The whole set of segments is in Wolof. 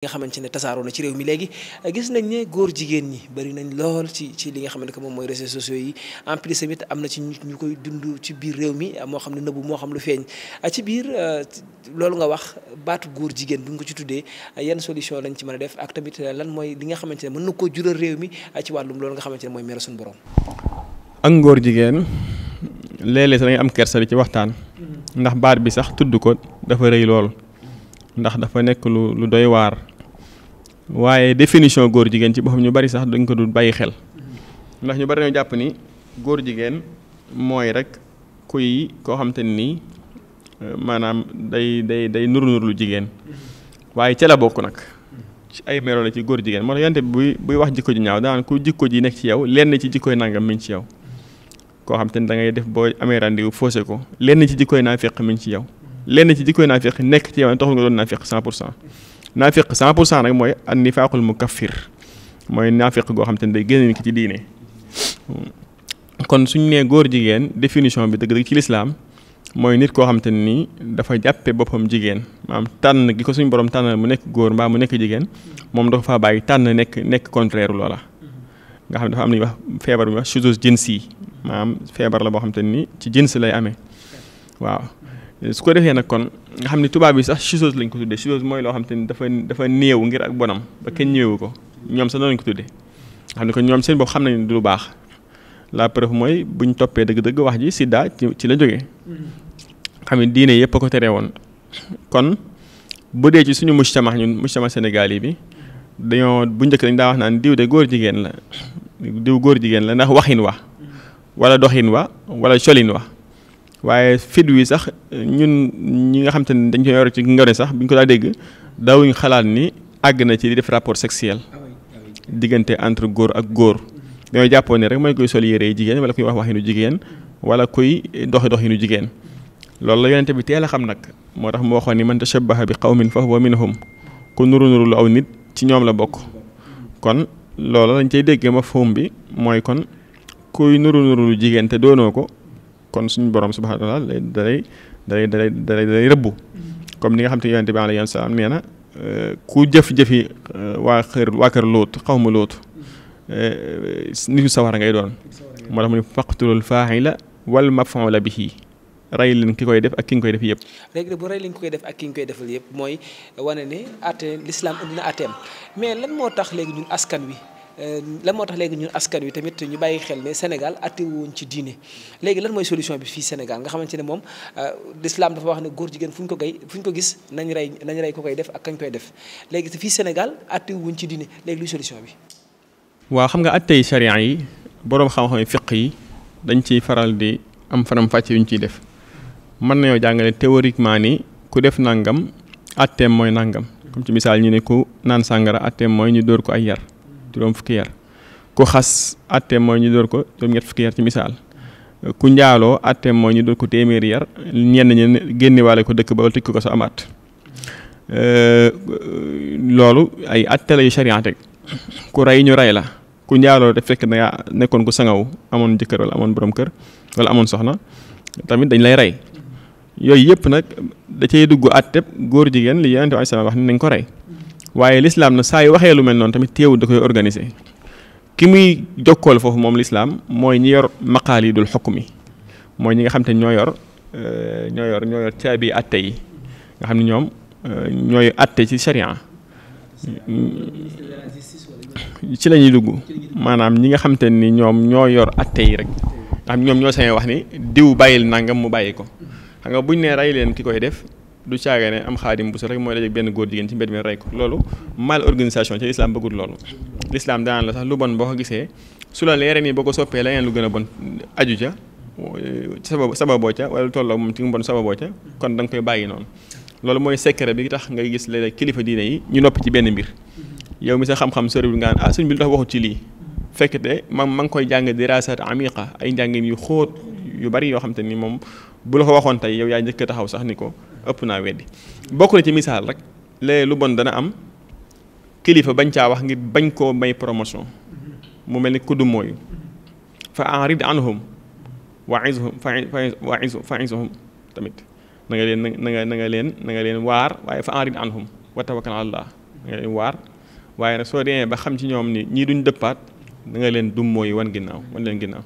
nga xamante ne tasaaroo na ci réew mi léegi gis nañ ne góor jigéen ñi bari nañ lool ci ci li nga xamante ne moom mooy réseaux sociaux yi en plus tamit am na ci ñu koy dund ci biir réew mi moo xam ne nëbbu moo xam lu feeñ ci biir euh, loolu nga wax baatu góor jigéen bu ko ci tuddee yan solution lañ ci mën a def ak tamit lan mooy li nga xamante ne mën na ko jural réew mi ci wàllum loolu nga xamante ne mooy mere suñu borom. ak ngóor jigéen léeg-léeg sax da nga am kersa ci waxtaan. Mm-hmm. ndax baat bi sax tudd ko dafa rëy lool. ndax nekk lu lu waaye définition góor jigéen ci boppam ñu bari sax dañ ko dul bàyyi xel ndax ñu bari nañu jàpp ni góor jigéen mooy rek kuy koo xam te ni euh, maanaam day day day nuru nuru jigéen waaye ca la bokk nag ci ay la ci góor jigéen moo tax yonte buy buy wax jikko ju ñaaw daan ku jikko ji nekk ci yow lenn ci jikkoy nangam mi ngi yow koo xam te da ngay def boo amee rendez-vous faussé ko lenn ci jikkoy naafeq mi ngi ci yow lenn ci jikkoy naafeq nekk ci yow taxul nga doon naafeq cent pour cent naafiq 100 pour cent rek mooy an nifaaqul mukaffir mooy naafiq goo xam te ne day génne nit ki ci diine kon suñu nee góor jigéen définition bi dëgg-dëgg ci lislaam mooy nit koo xam te ne nii dafa jàppe boppam jigéen maanaam tànn gi ko suñu borom tànnal mu nekk góor mbaa mu nekk jigéen moom dafa faa bàyyi tànn nekk nekk contraire loola. nga xam ne dafa am nañu wax feebar bu ñuy wax suzuz jins yi maanaam feebar la boo xam te ni ci jins lay amee waaw. su ko defee nag kon nga xam ne tubaab yi sax chose lañ ko tuddee chose mooy loo xam te ni dafa dafa néew ngir ak bonam ba kenn ñëwewu ko ñoom sax noonu lañ ko tuddee nga xam ne kon ñoom seen bopp xam nañ du lu baax la preuve mooy buñ toppee dëgg-dëgg wax ji sida ci la jógee. Mm-hmm. xam ne diine yëpp a ko teree woon kon bu dee ci suñu mujtama ñu mujtama Sénégal yi bi dañoo bu njëkk dañ daa wax naan diw de góor jigéen la diw góor jigéen la ndax waxin wa mm-hmm. wala doxin wa wala colin wa. waaye fit wi sax ñun ñi nga xam te ne dañ ko yor ci ngone sax bi ñu ko daa dégg daawuñu xalaat ni àgg na ci di def rapport sexuel ah ah diggante entre góor ak góor dañoo jàppoon ne rek mooy koy sol yére jigéen wala kuy wax waxinu jigéen wala kuy doxi doxinu jigéen loolu la yonente bi teel a xam nag moo tax mu waxoon ni man tashabbaha bi xaw qawmin fa huwa minhum ku nuru nuru lu aw nit ci ñoom la bokk kon loolu lañ cay déggee ma foom bi mooy kon kuy nuru nuru lu jigéen te doonoo ko kon suñu boroom subhaanahu wa taala dalay dalay dalay dalay dalay rëbbu comme ni nga xam te yonente bi alayhi salaam nee na euh, ku jëf-jëfi euh, waa kër waa kër lóot xaw ma lóot euh, nitu sawara ngay doon moo tax mu ne faqtulul faaxila wal bi bihi rey leen ki koy def ak ki nga koy def yëpp. léegi bu rey leen ki koy def ak ki nga koy defal yëpp mooy wane ne àtte lislaam indi na mais lan moo tax léegi ñun askan wi. Euh, lan moo tax léegi ñun askan wi tamit ñu bàyyi xel ne Sénégal atte woon ci diine léegi lan mooy solution bi fii Sénégal nga xamante ne moom euh, l'islam dafa wax ne góor jigéen fu ñu ko gay fu ñu ko gis nañ rey nañ rey ko koy def ak kañ koy def léegi fii Sénégal atte wuñ ci diine léegi luy solution bi. waaw xam nga attey charia yi boroom xam-xam yi fiq yi dañ ciy faral di am faram yu ñu ciy def mën nañoo jàngale théoriquement nii ku def nangam atteem mooy nangam comme ci ñu ne ku naan sàngara atteem ñu dóor ko ay yar. juróom fukki yar ku xas atteem mooy ñu door ko juróom ñett fukki yar ci misaal ku njaaloo atteem mooy ñu door ko téeméeri yar ñenn ñi génne waale ko dëkk ba wala tëj ko sa amaat loolu ay atte la yu sharia ku rey ñu rey la ku njaaloo def fekk dangaa nekkoon ku sangaw amoon jëkkër wala amoon boroom kër wala amoon soxna tamit dañ lay rey yooyu yëpp nag da cay dugg àtteb góor jigéen li Yonent bi sallallahu wax ne nañ ko rey waaye lislaam na saa yi waxee lu mel noonu tamit teewul da koy organiser ki muy jokkool foofu moom lislaam mooy ñi yor maqaal yi dul xukm yi mooy ñi nga xam te ñoo yor euh, ñoo yor ñoo yor caabi atte yi nga xam ne ñoom euh, ñooy atte ci sharia ci la ñuy dugg maanaam ñi nga xam te ni ñoom ñoo yor atte yi rek nga xam ñoom ñoo sañee wax ni diw bàyyil nangam mu bàyyi ko xam nga buñ ne rey leen ki koy def lu caaga ne am xaadim bu sa rek mooy dajeeg benn góor jigéen ci mbedd mi rey ko loolu mal organisation ci lislaam bëggul loolu lislaam danaan la sax lu bon boo ko gisee su la leeree nii boo ko soppee leneen lu gën a bon aju ca sabab sababoo ca wala tolloo moom ci mbon sababoo ca kon da nga koy bàyyi noonu loolu mooy secret bi tax ngay gis léeg kilifa diine yi ñu noppi ci benn mbir yow mi sa xam-xam bi nga naan ah suñ bi lu tax waxut ci lii fekkte ma ma ngi koy jàng dirasat amiqa ay njàngin yu xóot yu bari yoo xam te ni moom bu la ko waxoon tey yow yaa njëkk taxaw sax ni ko ëpp naa weddi bokk na ci misaal rek léeg lu bon dana am kilifa bañ caa wax ngir bañ koo may promotion mu mel ni kuddu mooyu fa enrid anhum waizhum faizhum tamit na nga leen na nga na nga leen na nga leen waar waaye fa enrid anhum wa tawakkal nag soo demee ba xam ci ñoom ni ñii duñ dëppaat na nga leen dum mooyu wan ginnaaw wan leen ginnaaw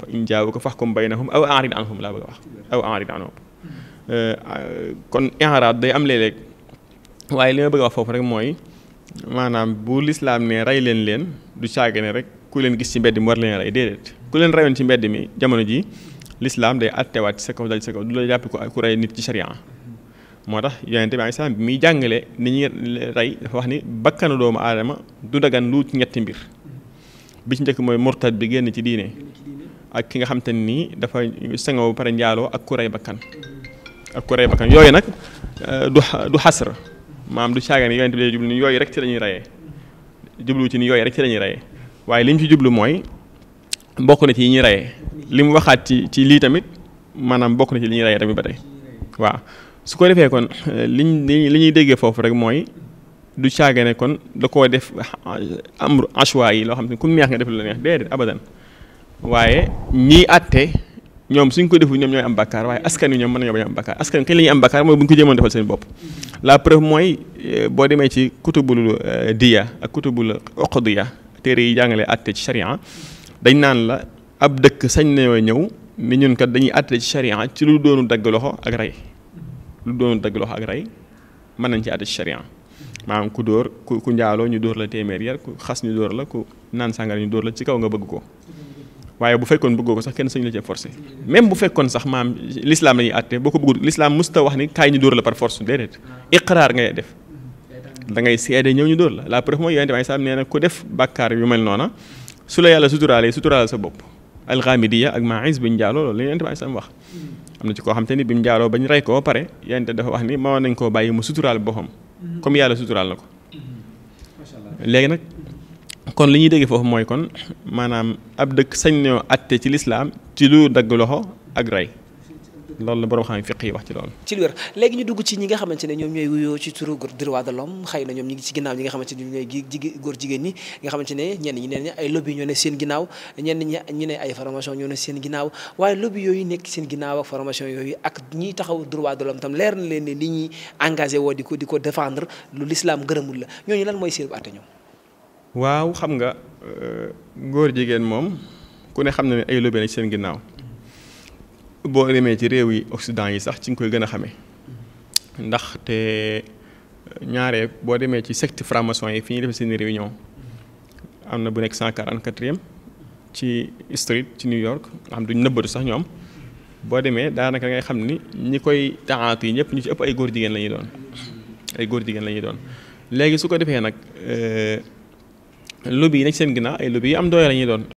fa in jaawu ko fax kum baynahum aw enrid a wax aw enrid Euh, ah, kon inharaat day am léeg rek waaye li ma bëgg a foofu rek mooy maanaam bu lislaam ne rey leen leen du caage ne rek ku leen gis ci mbedd mi war leen rey déedéet ku leen reyoon ci mbedd mi jamono ji lislaam day attewaat ci sa kaw dal ci sa kaw du la jàpp ko ku rey nit ci sharia moo tax yonente bi alayhi salaam bi muy jàngale ni ñuy rey dafa wax ni bakkana doomu aadama du dagan lu ci ñetti mbir bi ci njëkk mooy murtad bi génn ci diine ak ki nga xam te nii dafa sangoo pare njaaloo ak bakkan ak ku rey bakkan yooyu nag euh, du du xasra maam du caaga ni yonent bi jublu ni yooyu rek ci la ñuy reyee jublu ci ni yooyu rek ci la ñuy waaye li mu ci mooy bokk na ci yi ñuy reyee li mu waxaat ci ci lii tamit maanaam bokk na ci li ñuy reyee tamit ba tey waaw su ko defee kon euh, liñ li ñuy déggee foofu rek mooy du caaga ne kon da ko def amru ashwa yi loo xam ne ku neex nga def lu la neex déedéet abadan waaye ñiy àtte ñoom suñ ko defu ñoom ñooy am bakkaar waaye askan wi ñoom mën nañoo bañ am bakkaar askan kañ la am bakkaar mooy bu ñu ko jéemoon defal seen bopp la preuve mooy eh, boo demee ci kutubul eh, diya ak kutubul oqdiya téere yi jàngale atte ci charia dañ naan la ab dëkk sañ nañoo ñëw ni ñun dañuy atte ci charia ci lu doonu dagg loxo ak lu doonu dagg loxo ak rey mën nañ ci atte ci charia maanaam ku dóor ku njaaloo ñu dóor la téeméer yar ku xas ñu dóor la ku naan sàngara ñu dóor la ci kaw nga bëgg ko waaye bu fekkoon bëggoo ko sax kenn sañu la cee forcé même bu fekkoon sax maam l'islam la ñuy àtte boo ko bëggul l'islam musta wax ni kaay ñu dóor la par force déedéet iqraar ngay def da ngay ñëw ñu dóor la la preuve mooy yonente bi saam nee na ku def bàkkaar yu mel noona su la yàlla suturaalee suturaal sa bopp alxamidiya ak maïs bi ñu jaaloo loolu la yonente bi saam wax am na ci koo xam te ni bi mu jaaloo bañ rey ko ba pare yonente dafa wax ni ma nañ koo bàyyi mu suturaal boppam mm-hmm. comme yàlla suturaal na ko mm-hmm. léegi nag kon li ñuy déggee foofu mooy kon maanaam ab dëkk sañ nañoo atte ci lislaam ci lu dagg loxo ak rey loolu la borom xam fiq yi wax ci loolu ci lu wér léegi ñu dugg ci ñi nga xamante ne ñoom ñooy wuyoo ci turu droit de l'homme xëy na ñoom ñi ngi ci ginnaaw ñi nga xamante ne ñoom ñooy jigéen góor jigéen ñi nga xamante ne ñenn ñi ne ay lobby ñoo ne seen ginnaaw ñenn ñi ne ay formation ñoo ne seen ginnaaw waaye lobby yooyu nekk seen ginnaaw ak formation yooyu ak ñiy taxaw droit de l'homme tam leer na leen ne li ñuy engagé woo di ko di ko défendre lu l'islam gërëmul la ñooñu lan mooy seen atte ñoom waaw xam nga euh, góor jigéen moom ku ne xam na ne ay lobee na seen ginnaaw boo demee ci réew yi Occident yi sax ci nga koy gën a xamee te ñaaree boo demee ci secte franc yi fi ñuy defee seen réunion am na bu nekk cent quarante ci street ci New York nga xam duñ nëbbatu sax ñoom boo demee daanaka ngay xam ni ñi koy taxaatu yi ñëpp ñu ci ëpp ay góor jigéen la ñuy doon ay góor jigéen la ñuy doon léegi su ko defee nag. Euh, lobby yi nag seen ginnaaw ay lobby yu am doole la ñuy doon.